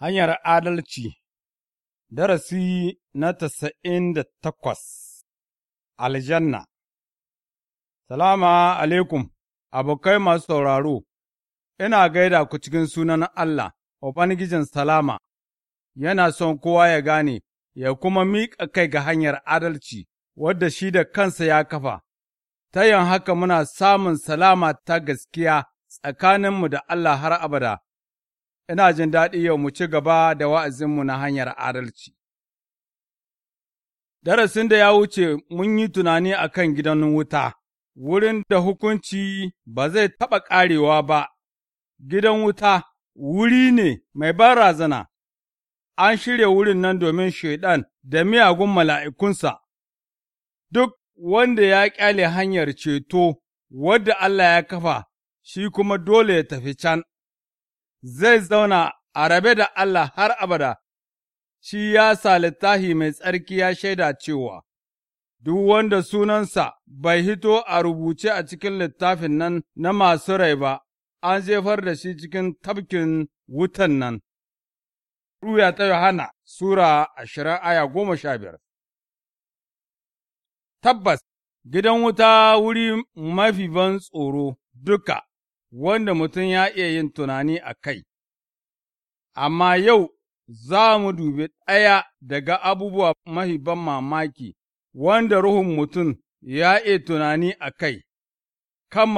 Hanyar Adalci Darasi na tasa'in da takwas Aljanna Salama alaikum, abokai masu sauraro, ina gaida ku cikin sunan Allah, Ubangijin Salama, yana son kowa ya gane, ya kuma miƙa kai ga hanyar adalci, wadda shi da kansa ya kafa, ta yin haka muna samun salama ta gaskiya tsakaninmu da Allah har abada. Ina jin daɗi yau mu ci gaba da wa'azinmu na hanyar adalci. Darasin da ya wuce mun yi tunani a kan gidan wuta, wurin da hukunci ba zai taɓa ƙarewa ba, gidan wuta wuri ne mai barazana, an shirya wurin nan domin Shaiɗan da miyagun mala'ikunsa, duk wanda ya ƙyale hanyar ceto wadda Allah ya kafa, shi kuma dole ya tafi can. zai zauna a rabe da Allah har abada, shi ya sa littafi mai tsarki ya shaida cewa, Duk wanda sunansa bai hito a rubuce a cikin littafin nan na masu rai ba, an jefar da shi cikin tafkin wutan nan. Ruya ta Yohana Sura ashirin aya goma sha biyar Tabbas, gidan wuta wuri mafi ban tsoro duka wanda mutum ya iya yin tunani a kai, amma yau za mu dubi ɗaya daga abubuwa mahi ban mamaki wanda ruhun mutum ya iya tunani a kai, kan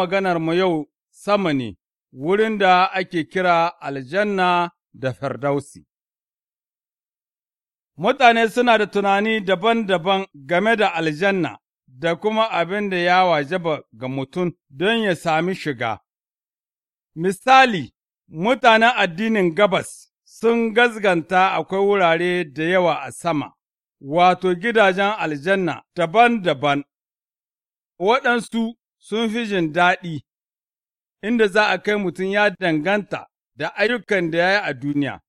mu yau sama ne wurin da ake kira aljanna da fardausi. Mutane suna da tunani daban-daban game da aljanna da kuma abin da ya wajaba ga mutum don ya sami shiga. Misali, mutanen addinin gabas sun gazganta akwai wurare da yawa a sama, wato gidajen aljanna daban-daban, waɗansu sun fi jin daɗi, inda za a kai mutum ya danganta da ayyukan da ya yi a duniya.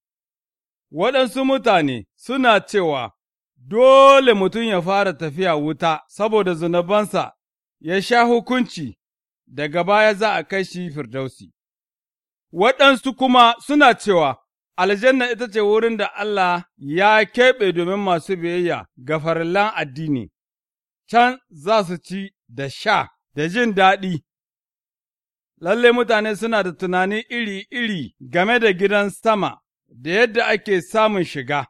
Waɗansu mutane suna cewa, Dole mutum ya fara tafiya wuta saboda zunubansa ya sha hukunci, daga baya za a kai shi firdausi. waɗansu kuma suna cewa, Aljanna ita ce wurin da Allah ya keɓe domin masu biyayya ga farillan addini, can za su ci da sha da jin daɗi. Lalle mutane suna da tunani iri-iri game da gidan sama da yadda ake samun shiga,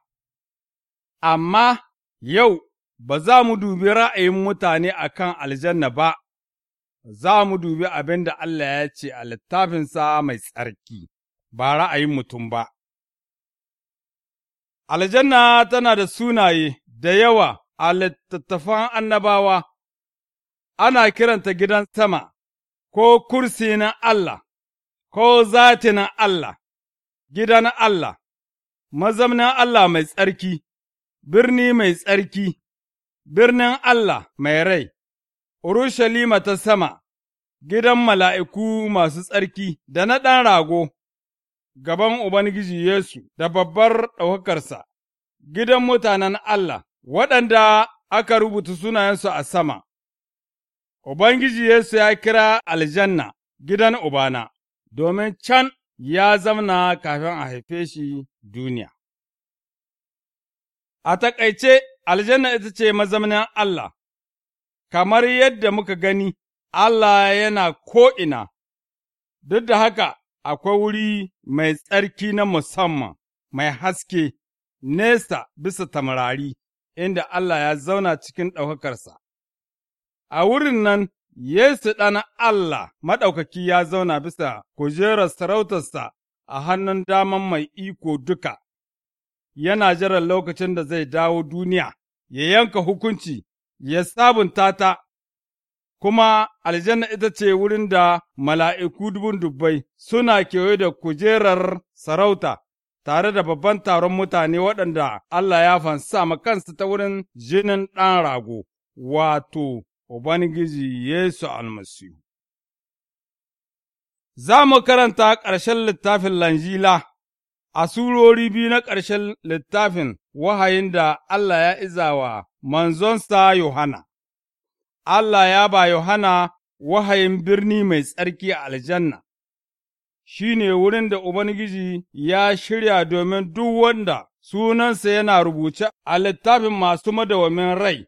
amma yau ba za mu dubi ra'ayin mutane a kan aljanna ba, za mu dubi abin da Allah ya ce a littafinsa mai tsarki, ba ra'ayin mutum ba. Aljanna tana da sunaye da yawa a littattafan annabawa, ana kiranta gidan sama, ko kursi na Allah, ko zati na Allah, gidan Allah, mazamnan Allah mai tsarki, birni mai tsarki, birnin Allah mai rai. Urushalima ta sama, gidan mala'iku masu tsarki da na ɗan rago, gaban Ubangiji Yesu da babbar ɗaukakarsa, gidan mutanen Allah, waɗanda aka rubuta sunayensu a sama. Ubangiji Yesu ya kira aljanna gidan Ubana, domin can ya zamna kafin a haife shi duniya. A taƙaice, aljanna ita ce mazaunin Allah. kamar yadda muka gani, Allah yana ko'ina, duk da haka akwai wuri mai tsarki na musamman, mai haske, nesa bisa tamarari, inda Allah ya zauna cikin ɗaukakarsa. A wurin nan, Yesu ɗan Allah maɗaukaki ya zauna bisa kujerar sarautarsa a hannun daman mai iko duka, yana jiran lokacin da zai dawo duniya, ya yanka hukunci ya sabunta ta, kuma aljanna ita ce wurin da mala'iku dubun dubbai suna kewaye da kujerar sarauta. Tare da babban taron mutane waɗanda Allah ya fansa ma kansa ta wurin jinin ɗan rago, wato, Ubangiji Yesu almasihu. Za mu karanta ƙarshen littafin Lanjila, a surori biyu na ƙarshen littafin wahayin da Allah ya izawa manzonsa Yohana. Allah ya ba Yohana wahayin birni mai tsarki a aljanna, shi ne wurin da Ubangiji ya shirya domin duk wanda sunansa yana rubuce a littafin masu madawamin rai.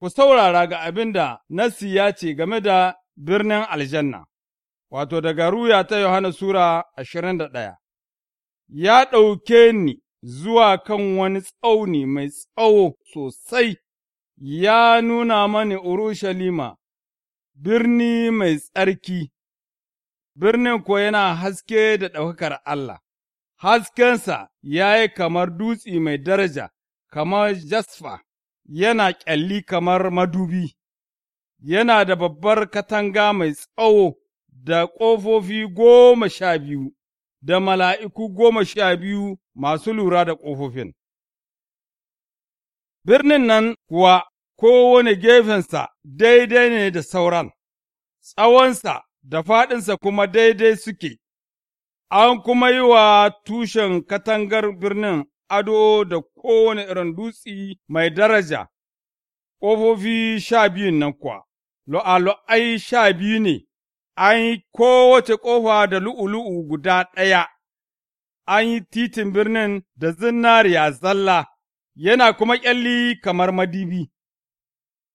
Ku saurara ga abin da Nassi ya ce game da birnin aljanna, wato daga ruya ta Yohana Sura ashirin da ɗaya, ya ɗauke ni zuwa kan wani tsauni mai tsawo sosai, ya nuna mani Urushalima, birni mai tsarki, birnin ko yana haske da ɗaukar Allah, haskensa ya yi kamar dutsi mai daraja, kamar jasfa, yana ƙyalli kamar madubi, yana da babbar katanga mai tsawo da ƙofofi goma sha biyu. da mala'iku goma sha biyu masu lura da ƙofofin. Birnin nan kuwa kowane gefensa daidai ne da sauran, tsawonsa da faɗinsa kuma daidai suke, an kuma yi wa tushen katangar birnin ado da kowane irin dutsi mai daraja, ƙofofi sha biyun nan kuwa, lo'alo'ai sha biyu ne an yi kowace ƙofa da lu'ulu'u guda ɗaya, an yi titin birnin da zinariya zalla, yana kuma ƙyalli kamar madibi.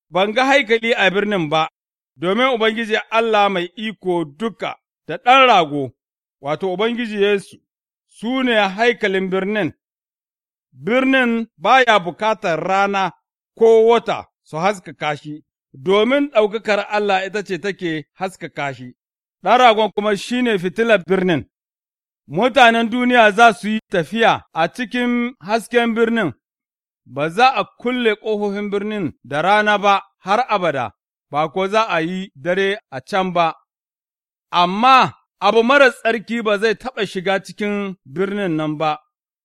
Ban ga haikali a birnin ba, domin Ubangiji Allah mai iko duka da ɗan rago, wato Ubangiji Yesu, su ne haikalin birnin, birnin baya bukatar rana ko wata su haskaka shi, domin ɗaukakar Allah ita ce take haskaka shi, ɗan ragon kuma shi ne fitilar birnin, mutanen duniya za su yi tafiya a cikin hasken birnin, ba za a kulle ƙofofin birnin da rana ba har abada, ba ko za a yi dare a can ba, amma abu marar tsarki ba zai taɓa shiga cikin birnin nan ba,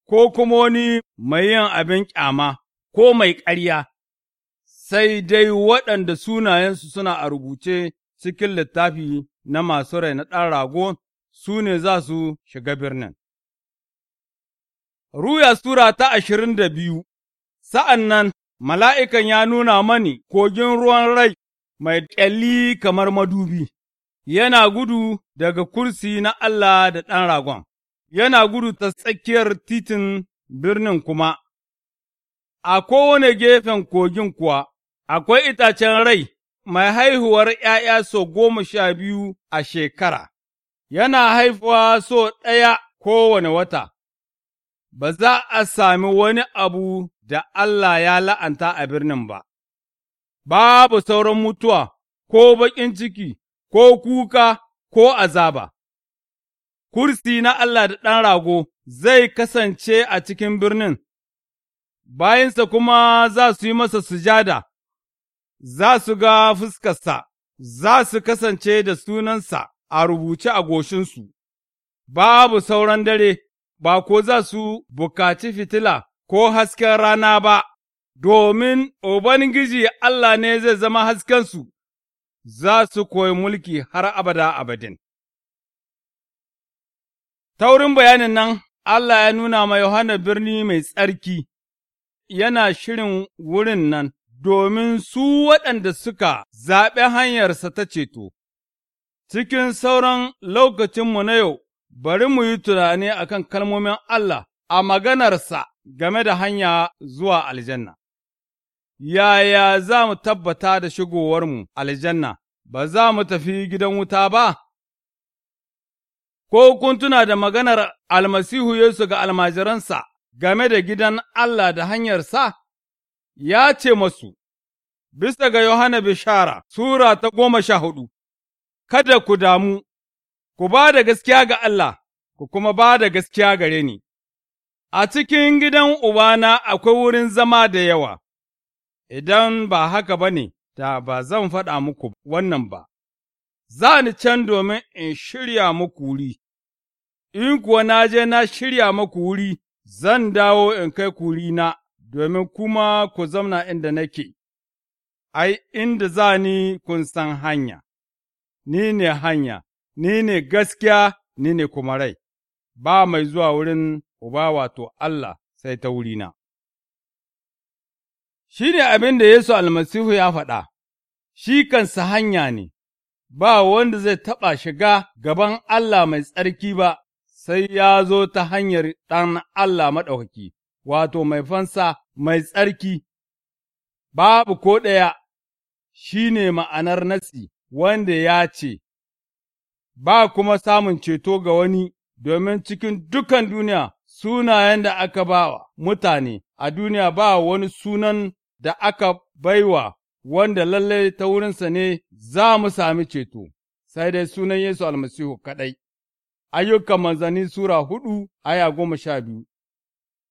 ko kuma wani mai yin abin ƙyama ko mai ƙarya. sai dai waɗanda sunayensu suna a rubuce cikin littafi na masu rai na ɗan rago, su ne za su shiga birnin. Ruya Sura ta ashirin da biyu Sa'an nan, mala'ikan ya nuna mani kogin ruwan rai mai ƙyalli kamar madubi, yana gudu daga kursi na Allah da ɗan ragon, yana gudu ta tsakiyar titin birnin kuma, a kowane gefen kogin kuwa akwai itacen rai mai haihuwar ’ya'ya so goma sha biyu a shekara, yana haifuwa so ɗaya kowane wata, ba za a sami wani abu da Allah ya la'anta a birnin ba, babu sauran mutuwa ko baƙin ciki ko kuka ko azaba. Kursi na Allah da ɗan rago zai kasance a cikin birnin, Bayansa kuma za su yi masa sujada. za su ga fuskarsa, za su kasance da sunansa a rubuce a goshinsu, babu sauran dare, ba ko za su bukaci fitila ko hasken rana ba, domin Ubangiji Allah ne zai zama haskensu, za su koyi mulki har abada abadin. Taurin bayanin nan, Allah ya nuna ma Yohana birni mai tsarki, yana shirin wurin nan. domin su waɗanda suka zaɓi hanyarsa ta ceto. Cikin sauran lokacinmu na yau, bari mu yi tunani a kan kalmomin Allah a maganarsa game da hanya zuwa aljanna. Yaya za mu tabbata da shigowarmu aljanna, ba za mu tafi gidan wuta ba? Ko kun tuna da maganar almasihu Yesu ga almajiransa game da gidan Allah da hanyarsa? ya ce masu, bisa ga Yohana Bishara, Sura ta goma sha hudu, Kada ku damu, ku ba da gaskiya ga Allah, ku kuma ba da gaskiya gare ni, a cikin gidan Ubana akwai wurin zama da yawa, idan ba haka ba ne, da ba zan faɗa muku wannan ba, za ni can domin in shirya muku wuri, in kuwa na je na shirya muku wuri, zan dawo in kai kurina domin kuma ku zamna inda nake, ai, inda za ni kun san hanya, ni ne hanya, ni ne gaskiya, ni ne kuma rai, ba mai zuwa wurin Uba wato Allah sai ta na. Shi ne abin da Yesu almasihu ya faɗa, shi kansa hanya ne, ba wanda zai taɓa shiga gaban Allah mai tsarki ba, sai ya zo ta hanyar ɗan Allah maɗaukaki. wato mai fansa mai tsarki, babu ko ɗaya shi ne ma'anar natsi wanda ya ce, Ba kuma samun ceto ga wani domin cikin dukan duniya sunayen da aka ba wa mutane a duniya ba wani sunan da aka baiwa wanda lallai ta wurinsa ne za mu sami ceto, sai dai sunan Yesu almasihu kaɗai. Ayyukan manzanni Sura hudu aya goma sha biyu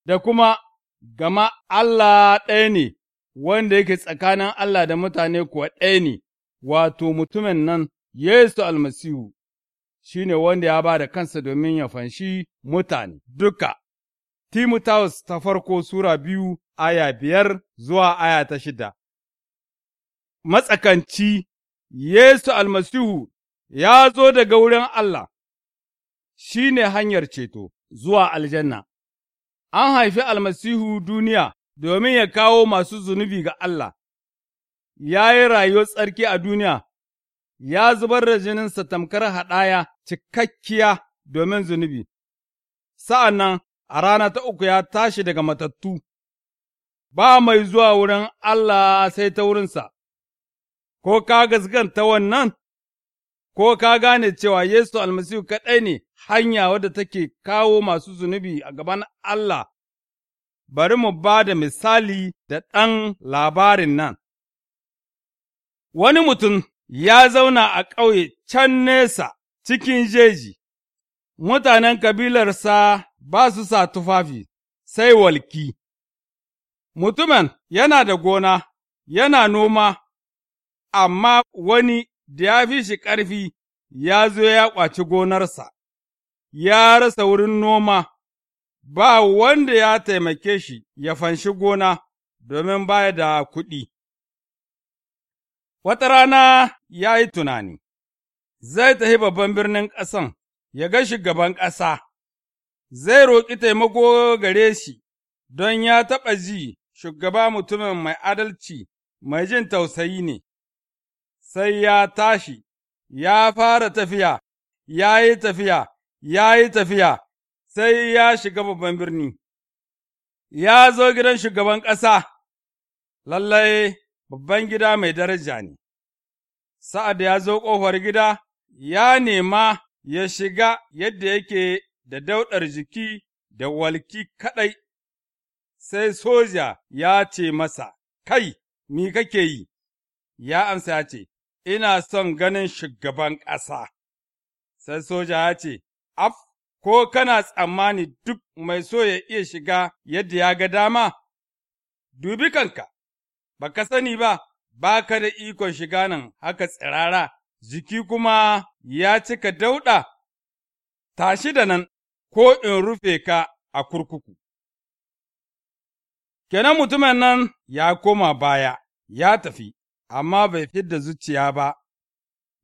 da kuma gama Allah ɗaya ne, wanda yake tsakanin Allah da mutane kuwa ɗaya ne, wato mutumin nan Yesu almasihu, shi ne wanda ya ba da kansa domin ya fanshi mutane duka. Timotheus ta farko Sura biyu aya biyar zuwa aya ta shida Matsakanci Yesu almasihu ya zo daga wurin Allah, shi ne hanyar ceto zuwa aljanna. an haifi almasihu duniya domin ya kawo masu zunubi ga Allah, ya yi rayuwar tsarki a duniya, ya zubar da jininsa tamkar haɗaya cikakkiya domin zunubi, sa'an nan a rana ta uku ya tashi daga matattu, ba mai zuwa wurin Allah sai ta wurinsa, ko ka gaskanta wannan, ko ka gane cewa Yesu almasihu kaɗai ne hanya wadda take kawo masu zunubi a gaban Allah, bari mu ba da misali da ɗan labarin nan. Wani mutum ya zauna a ƙauye can nesa cikin jeji, mutanen kabilarsa ba su sa tufafi, sai walki. Mutumin yana da gona, yana noma, amma wani da ya fi shi ƙarfi ya zo ya ƙwaci gonarsa. ya rasa wurin noma, ba wanda ya taimake shi ya fanshi gona domin baya da kuɗi. Wata rana ya yi tunani, zai tafi babban birnin ƙasan ya ga shugaban ƙasa, zai roƙi taimako gare shi don ya taɓa ji shugaba mutumin mai adalci mai jin tausayi ne, sai ya tashi, ya fara tafiya, ya yi tafiya, ya yi tafiya, sai ya shiga babban birni, ya zo gidan shugaban ƙasa, lallai babban gida mai daraja ne, sa'ad da ya zo ƙofar gida, ya nema ya shiga yadda yake da dauɗar jiki da walki kaɗai, sai soja ya ce masa, Kai, mi kake yi? Ya amsa ya ce, Ina son ganin shugaban ƙasa. Sai soja ya ce, Af, ko kana tsammani duk mai so ya iya shiga yadda ya ga dama? Dubi kanka, ba ka sani ba, ba ka da ikon shiga nan haka tsirara, jiki kuma ya cika dauɗa, tashi da nan, ko in rufe ka a kurkuku. Kenan mutumin nan ya koma baya, ya tafi, amma bai fidda zuciya ba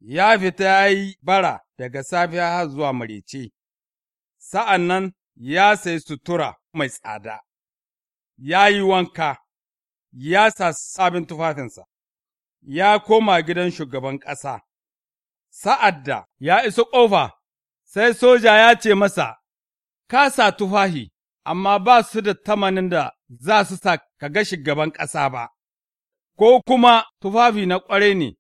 ya fita ya yi bara daga safiya har zuwa marece, sa'an nan ya sayi sutura mai tsada, ya yi wanka, ya sa sabin tufafinsa, ya koma gidan shugaban ƙasa. Sa'ad da ya iso ƙofa, sai soja ya ce masa, Ka sa tufahi, amma ba su da tamanin da za su sa ka ga shugaban ƙasa ba, ko kuma tufafi na ƙware ne,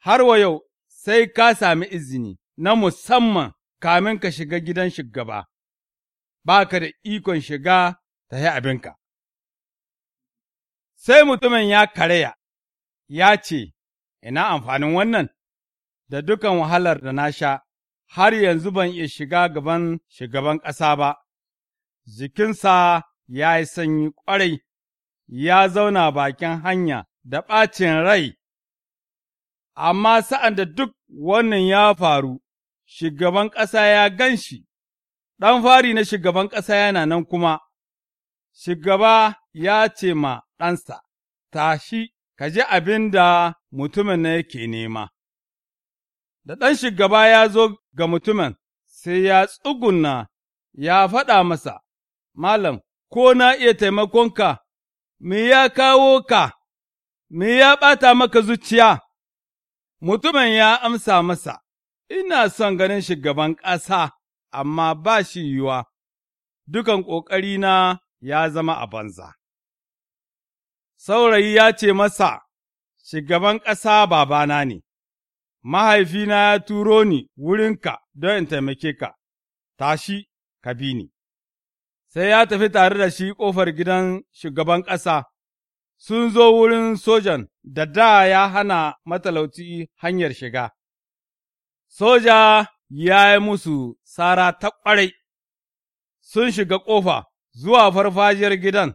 har wa yau sai ka sami izini na musamman kamin ka shiga gidan shugaba, ba ka da ikon shiga ta yi abinka. Sai mutumin ya karaya, ya ce, Ina amfanin wannan, da dukan wahalar da na sha, har yanzu ban iya shiga gaban shigaban ƙasa ba, jikinsa ya yi sanyi ƙwarai, ya zauna bakin hanya da ɓacin rai amma sa'an da duk wannan ya faru, shugaban ƙasa ya gan shi, ɗan fari na shugaban ƙasa yana nan kuma, shugaba ya ce ma ɗansa, tashi, ka ji abin da mutumin na yake nema. Da ɗan shugaba ya zo ga mutumin, sai ya tsugunna, ya faɗa masa, Malam, ko na iya taimakonka, me ya kawo ka, me ya ɓata maka zuciya?’ Mutumin ya amsa masa, Ina son ganin shugaban ƙasa, amma ba shi yiwuwa, dukan ƙoƙarina ya zama a banza. Saurayi ya ce masa, Shugaban ƙasa babana ne, mahaifina ya turo ni wurinka don in taimake ka, tashi ka bi ni. Sai ya tafi tare da shi ƙofar gidan shugaban ƙasa, sun zo wurin sojan da da ya hana matalauci hanyar shiga. Soja ya yi musu sara ta ƙwarai, sun shiga ƙofa zuwa farfajiyar gidan,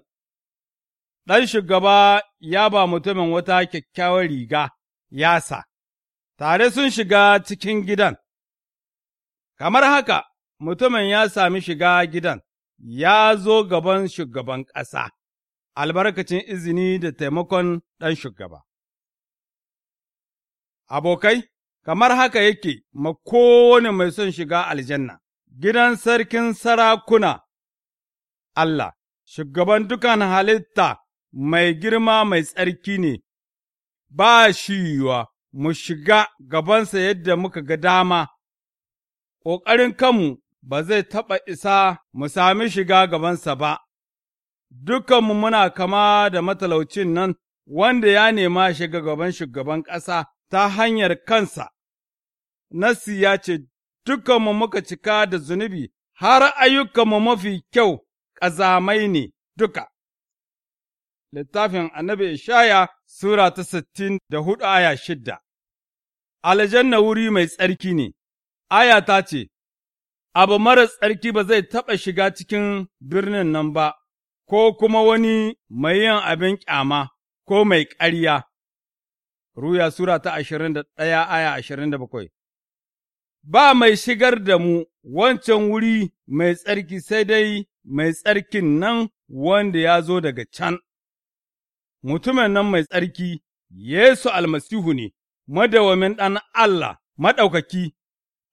ɗan shugaba ya ba mutumin wata kyakkyawar riga yasa, tare sun shiga cikin gidan. Kamar haka, mutumin ya sami shiga gidan, ya zo gaban shugaban ƙasa. albarkacin izini da taimakon ɗan shugaba. Abokai, kamar haka yake ma kowane mai son shiga aljanna, gidan sarkin sarakuna, Allah, shugaban dukan halitta mai girma mai tsarki ne, ba shi yiwuwa mu shiga gabansa yadda muka ga dama, ƙoƙarin kanmu ba zai taɓa isa mu sami shiga gabansa ba. dukanmu muna kama da matalaucin nan wanda ya nema shiga gaban shugaban ƙasa ta hanyar kansa, Nassi ya ce, Dukanmu muka cika da zunubi, har ayyukanmu mafi kyau ƙazamai ne duka. Littafin Annabi Ishaya Sura ta sittin da hudu aya shidda Aljanna wuri mai tsarki ne, aya ta ce, Abu mara tsarki ba zai taɓa shiga cikin birnin nan ba. ko kuma wani mai yin abin ƙyama ko mai ƙarya. Ruya Sura ta ashirin da ɗaya aya ashirin da bakwai Ba mai shigar da mu wancan wuri mai tsarki sai dai mai tsarkin nan wanda ya zo daga can. Mutumin nan mai tsarki, Yesu almasihu ne, madawamin ɗan Allah, maɗaukaki,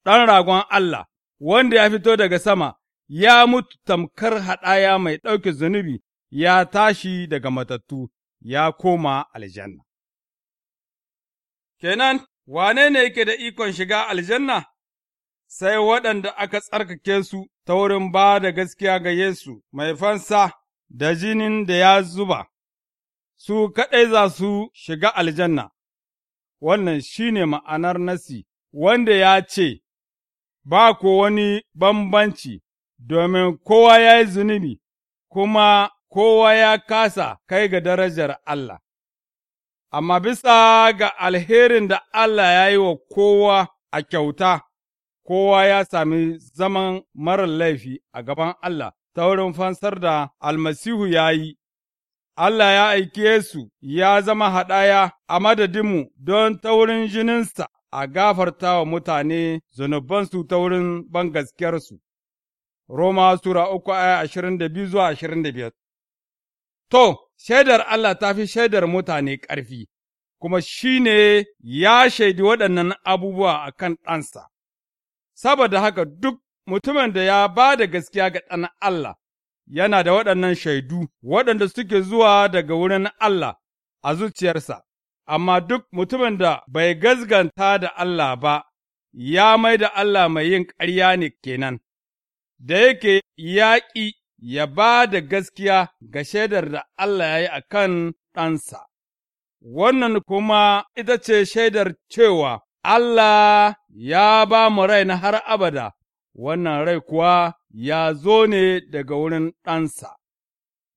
ɗan ragon Allah, wanda ya fito daga sama, ya mutu tamkar haɗaya mai ɗauke zunubi, ya tashi daga matattu, ya koma aljanna. Kenan, wane ne yake da ikon shiga aljanna? Sai waɗanda aka tsarkake su ta wurin ba da gaskiya ga Yesu mai fansa da jinin da ya zuba, su kaɗai za su shiga aljanna, wannan shi ne ma'anar nasi, wanda ya ce, Ba ko wani bambanci domin kowa ya yi zunubi, kuma kowa ya kasa kai ga darajar Allah. Amma bisa ga alherin da Allah ya yi wa kowa a kyauta, kowa ya sami zaman marar laifi a gaban Allah ta wurin fansar da almasihu ya yi. Allah ya aike su ya zama haɗaya a madadinmu don ta wurin jininsa a gafarta wa mutane zunubansu ta wurin gaskiyarsu. Roma Sura uku aya ashirin da biyu zuwa ashirin da biyar. To, shaidar Allah ta fi shaidar mutane ƙarfi, kuma shi ne ya shaidi waɗannan abubuwa a kan ɗansa, saboda haka duk mutumin da ya ba da gaskiya ga ɗan Allah yana da waɗannan shaidu waɗanda suke zuwa daga wurin Allah a zuciyarsa, amma duk mutumin da bai gazganta da Allah ba, ya mai da Allah mai yin ƙarya ne kenan. da yake yaƙi ya ba da gaskiya ga shaidar da Allah ya yi a kan ɗansa, wannan kuma ita ce shaidar cewa Allah ya ba mu rai na har abada, wannan rai kuwa ya zo ne daga wurin ɗansa.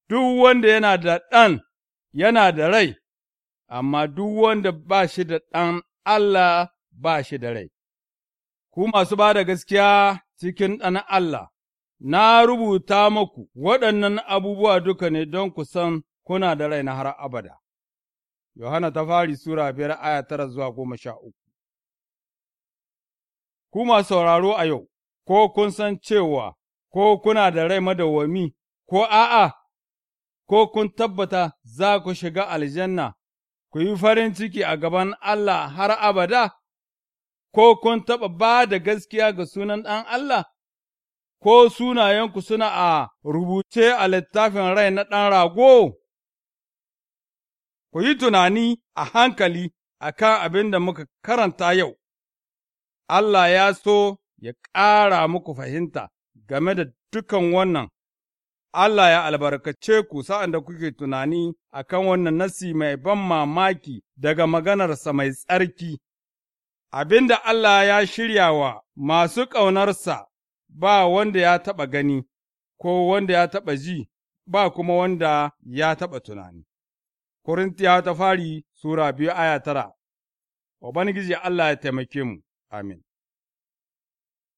Duk wanda yana da ɗan yana da rai, amma duk wanda ba shi da ɗan Allah ba shi da rai. Ku masu ba da gaskiya cikin ɗan Allah, na rubuta maku waɗannan abubuwa duka ne don ku san kuna da rai na har abada. Yohana ta fari Sura biyar aya tara zuwa goma sha uku. Ku masu sauraro a yau, ko kun san cewa ko kuna da rai madawwami, ko a'a, ko kun tabbata za ku shiga aljanna, ku yi farin ciki a gaban Allah har abada? ko kun taɓa ba da gaskiya ga sunan ɗan Allah, ko sunayenku suna a rubuce a littafin rai na ɗan rago? Ku yi tunani a hankali a kan abin da muka karanta yau, Allah ya so ya ƙara muku fahimta game da dukan wannan, Allah ya albarkace ku sa'an da kuke tunani a kan wannan nasi mai ban mamaki daga maganarsa mai tsarki. abin da Allah ya shirya wa masu ƙaunarsa ba wanda ya taɓa gani, ko wanda ya taɓa ji, ba kuma wanda ya taɓa tunani. Korintiya ta fari Sura biyu aya tara Ubangiji Allah ya taimake mu, amin.